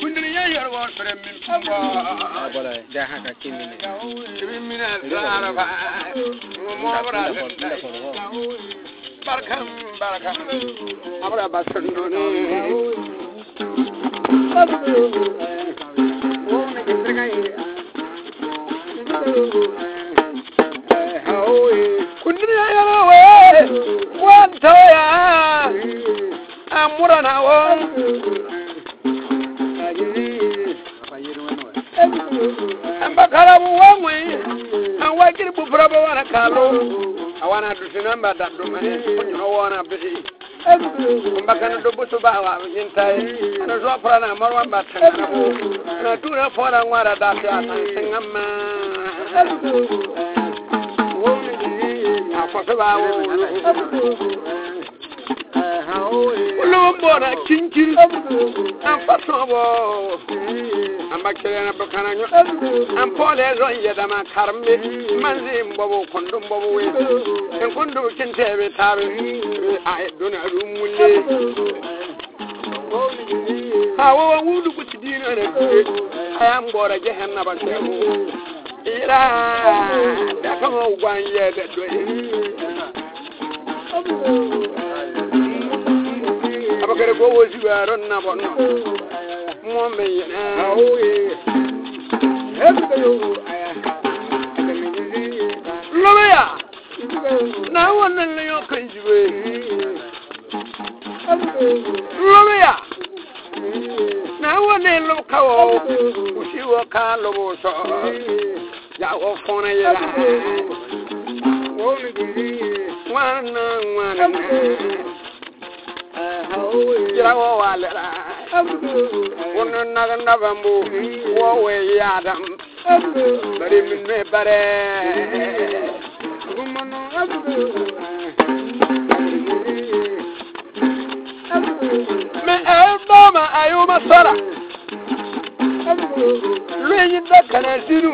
kundin ya yar wa fere min aba abala da haka kimin kimin min zara ba mu abra barkan barkan abra basun ne wo ne kitrga yi kundin ya yar wa wan toya amurana wa namba karamu wangwe an wakiri bufuraba wana kalo awana dusina mba dadumane kunyino wana bisi kumbakana dubu suba wa yintai ana zuwa furana marwa mba tangana bu na tuna fora ngwara dasi atan singama wumi afosu ba wulu olombora kinkiri anfasobo ambakere na bakana nyo ampole zo yeda ma karme manzi mbobo kondo mbobo we en kondo kintebe tabe ay dona rumulle awo wa wudu ku tidino na ayambora jehannaba shehu ira da kama ugwan yeda do abakare ko wo si waro na bo no mo me na o ye ebi ka yo aya lo ya na won na le yo kan ji lo ya na won ne lo ka wo o si wo ka lo bo so ya wo fun ya wo mi di wana wana jira wo walera wonu naga nabambu wo we yadam bari min me bare gumano me ebama ayuma sara lwenyi dakana sinu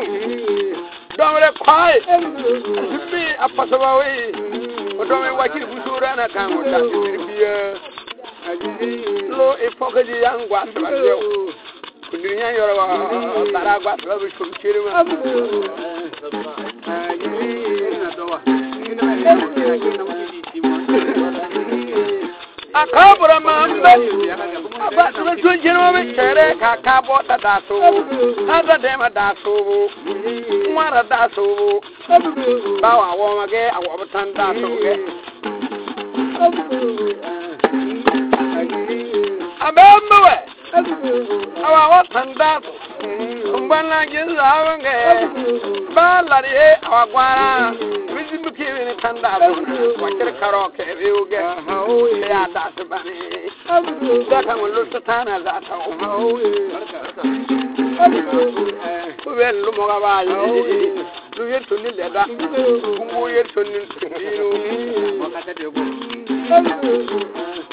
dɔwɛrɛ kɔɔ ye sibi a pasoba we o dɔwɛrɛ wakiri busora na kan o da sibiri biya lo ifɔkɛji ya ŋgɔ asɔrɔ fiyewo kudirinya yɔrɔ wa ɔtara agba asɔrɔ bi sɔn kiri ma. a kaa bɔra maa n bɛ a ba sɛbɛn tun jɛnɛma bɛ cɛrɛ k'a kaa bɔ ta daa sobo hada dɛmɛ daa sobo ŋmara daa sobo bawo a wɔma kɛ a wɔbɛ tan daa sobo kɛ bambawa awa watan datu kumbana jinza hawange ba larihe awa gwara bizi buki wini tanda wakir karo ke biuge ya dasu bani dakan lutsu tana za ta kubel lumoga ba yi lu yer tonni leda kumbu yer tonni tinu wakata de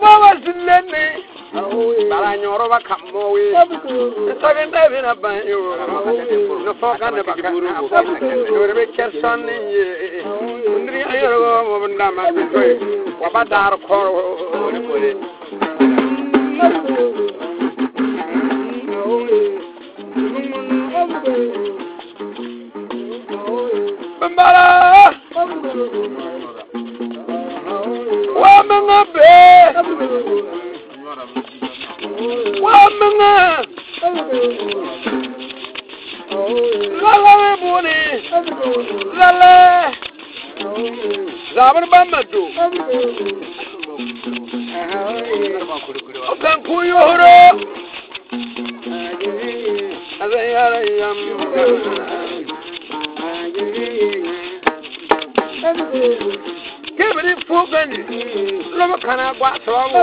mama sileni bara nyoro ba kambo we tage nda bina ba no foka no be kerson ni ye ndri ayoro mo bunda ma ko wa ba dar ko ne ko ne Bambara! be wa mene lalawe buni lale zamani bamba do ọkàn kú yòhóró azẹyàrá yam. Thank you kébìrì fún gani lọ́wọ́ kan náà gbọ́ àtọ́wọ́ wò.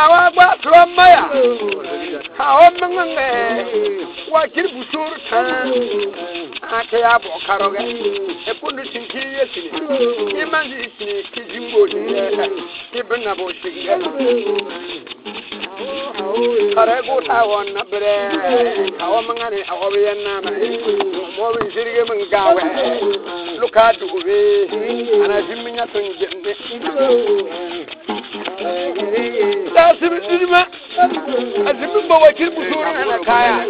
àwọn agbọ́ àtọ́wọ́ mẹ́yà àwọn mẹ́ngàngẹ́ wà kiri busuru kan ake ya bọ̀ karọ́ gẹ́ ekundu tuntun yé sini yé man di sini kí jimbo ni yẹ kí bẹ́ẹ̀ nà bọ̀ sigi yẹ karego ta wonna bere awo mangane awo be nana mo be jirge min gawe luka dugo be ana jimminya tun jembe da su bi dirma a zimbin ba wakil busoro ana kaya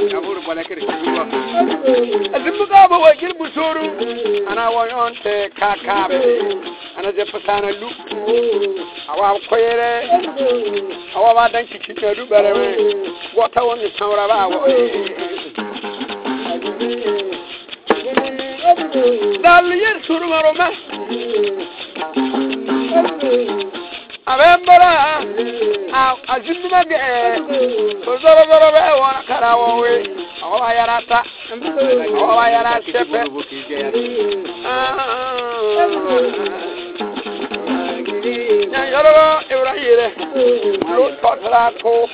a zimbin ba ba wakil busoro ana wani on te kaka ana je fasana lu awa koyere awa ba dan kiki na du bare me wata wani saura ba wa dal yer surmaro ma abembora azinduma ge eh, ozoroboro be eh, wona kara wonwe awo bayarata awo bayaratepe nyanyororo ah, ah, ibrahire lo tɔtara ko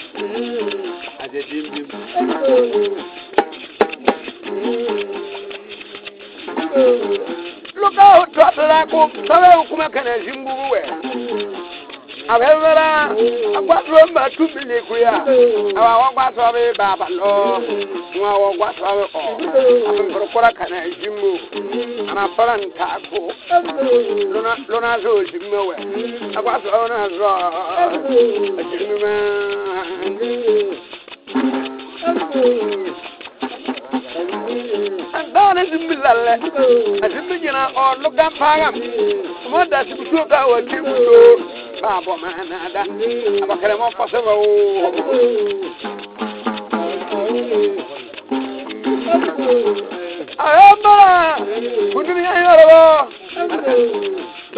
lukawo tɔtara ko sɛbɛ kuma kana zimbubu wɛ àwẹ̀wẹ̀rẹ̀ agbátúrò mbà túbìlì kúyà àwọn àwọn gbàtọ́ bí bàbà lọ wọn àwọn gbàtọ́ bí ọ̀ àfẹnfẹ̀rẹ̀kọ́ra kàná ìdìmọ̀ àná fẹ́rẹ̀ ntaako lọ́nà sọ òsìmọ̀ wẹ̀ agbátọ́ náà sọ òsìmọ̀ dáhùn ní sinmi lálẹ́ àti sinmi jìnnà ọ̀ lọ́gán pàgàm mada sibutuo da wa ni wulo baabɔ maana da abakɛlɛ ah, ma fa sɛbɛ o. ayɔnba kundini yɛn yɛrɛ lɔ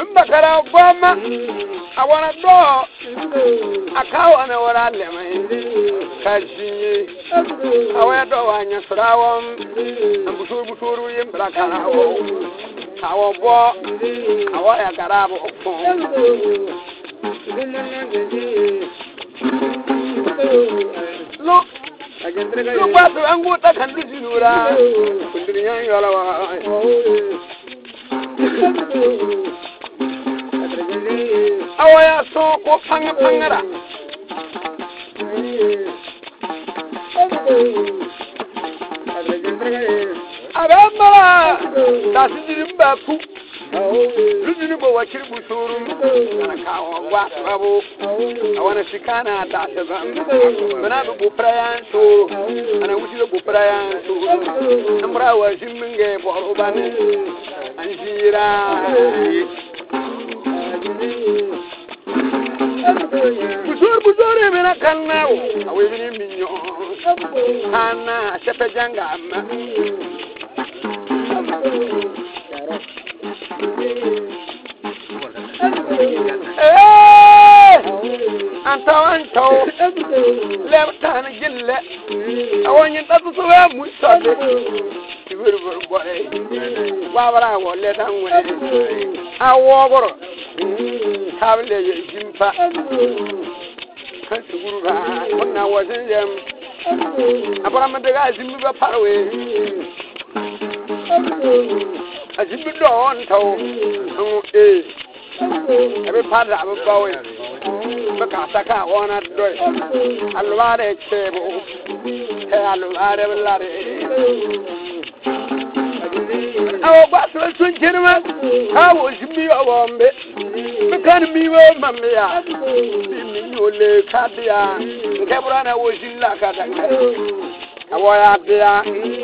nbakara bɔma awɔna dɔ a ka wɔna wɔra lɛmɛ ka zie awɔya dɔ wa nyɛ sira wɔn a busori busori ye nbila kana wɔ awọ bọ awọ ẹgara abọ kpọn. lu lu gbàtú ẹngu takan ti ti lura kundiri yẹn yọrọ wa. awọ ya sọn ko panga panga la. Thank you abɛmmara dase diri mbaku ludini bo wakiri busuru anakawa babu, awana sikana dase bam bana bu prayan so ana wusi bu prayan so namra wa jimminge bo ruban anjira busor busor e mena kannawo awebini minyo kana sepe janga amma antawantau lemtani jille awonyin tatu suwa musabe ibir bor boy wabara wo le dan wone awo bor table ye jimpa kan siguru ga konna wasin yam abara madaga zimbi ba parwe azibi dɔ ɔ ntaw nu ee ɛbi pada abi bawe bi ka saka ɔna dɔi alubaare kyɛɛbo ɛ alubaare bi lare awo gbaso so nkyɛnɛma awo zibi ɔwɔ mbe bi kan mi wo mamiya bi mi yi o le kadiya nkɛbura na wo zi la ka da nkɛ awɔ ya biya.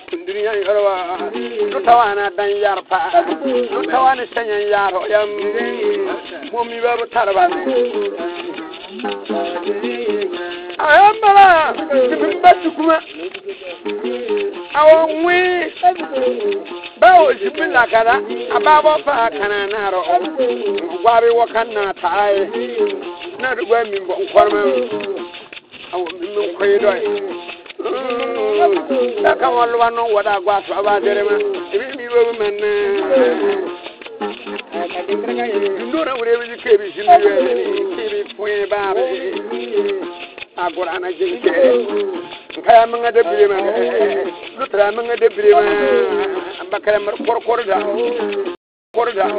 duniya yarwa tutawa na dan yarpa tutawa ni sanyan yaro yam mo mi ba tarba ayam bala batu kuma awon wi bawo jibin lakara ababo fa kana ro. gwabi wakan na taye na ruwa min bon kwarma awon min koyi doy daka wɔn lɔba no wɔ dɛ agɔ aso aba adere ma ebi bi wo mu mɛnɛ. ndora wuri ebi ke ebi si mi yɛ ebi fun ba bi agora na je ke nkaya mi ŋa de bire ma lutara mi ŋa de bire ma bakara mi kɔrɔkɔrɔ da kɔrɔ da.